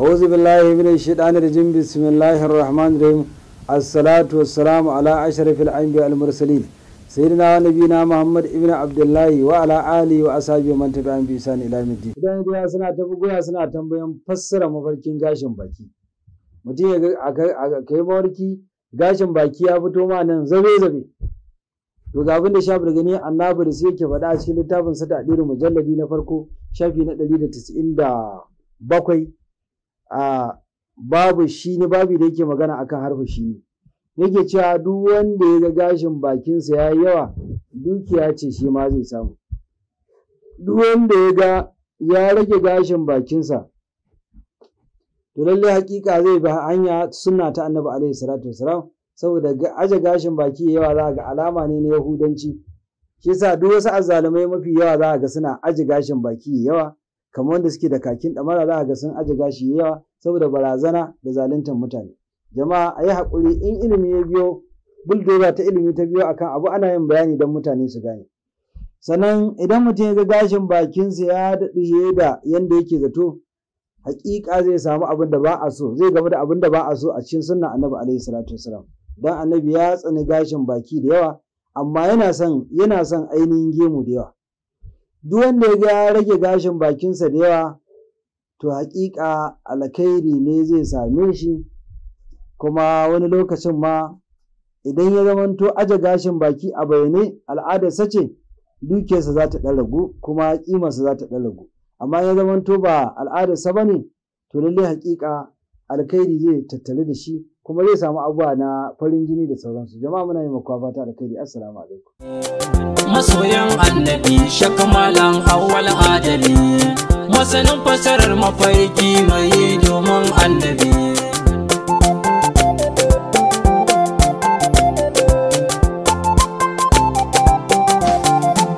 أعوذ بالله من الشيطان الرجيم بسم الله الرحمن الرحيم الصلاة والسلام على أشرف الأنبياء المرسلين سيدنا ونبينا محمد ابن عبد الله وعلى آله وأصحابه من تبعهم بإحسان إلى يوم الدين. إذا دي سنة تبقوا سنة تنبيهم فسر مفركين غاشم باكي. mutum ya kai mawarki gashin baki ya fito ma nan zabe zabe to ga abin da shafi gani annabi da sai yake faɗa a cikin littafin sa da mujalladi na farko shafi na ɗari A babu shi ne babu da yake magana akan harfe shi ne yake cewa duk wanda ya ga gashin bakinsa ya yi yawa dukiya ce shi ma zai samu duk wanda ya ga ya rage gashin bakinsa to lallai hakika zai bi hanya suna ta annabi alaihi salatu wasalam saboda aje gashin baki yawa za ga alama ne na yahudanci shi yasa duk wasu azzalumai mafi yawa za ga suna aje gashin baki yawa kamar wanda suke da kakin ɗamara za a ga sun aje gashi yawa saboda barazana da zaluntar mutane jama'a a yi haƙuri in ilimi ya biyo buldoza ta ilimi ta biyo akan abu ana yin bayani don mutane su gane sannan idan mutum ya ga gashin bakinsa ya daɗu da yanda yake zato haƙiƙa zai samu abin da ba a so zai gamu da abin da ba a so a cikin sunna annabi alaihi salatu wasalam dan annabi ya tsani gashin baki da yawa amma yana son yana son ainihin gemu da yawa duk wanda ya rage gashin bakinsa da yawa to haƙiƙa alkhairi ne zai same shi kuma wani lokacin ma idan ya zamanto aje gashin baki a bayyane al'adarsa ce dukiyarsa za ta ragu kuma ƙimarsa za ta ragu amma ya zamanto ba al'adarsa ba ne to lallai haƙiƙa alkhairi zai tattare da shi kuma zai samu abuwa na farin jini da sauransu jama'a muna yi makwa fata alkhairi assalamu alaikum masoyan annabi malam awwal adami masanin fasarar mafarki mai domin annabi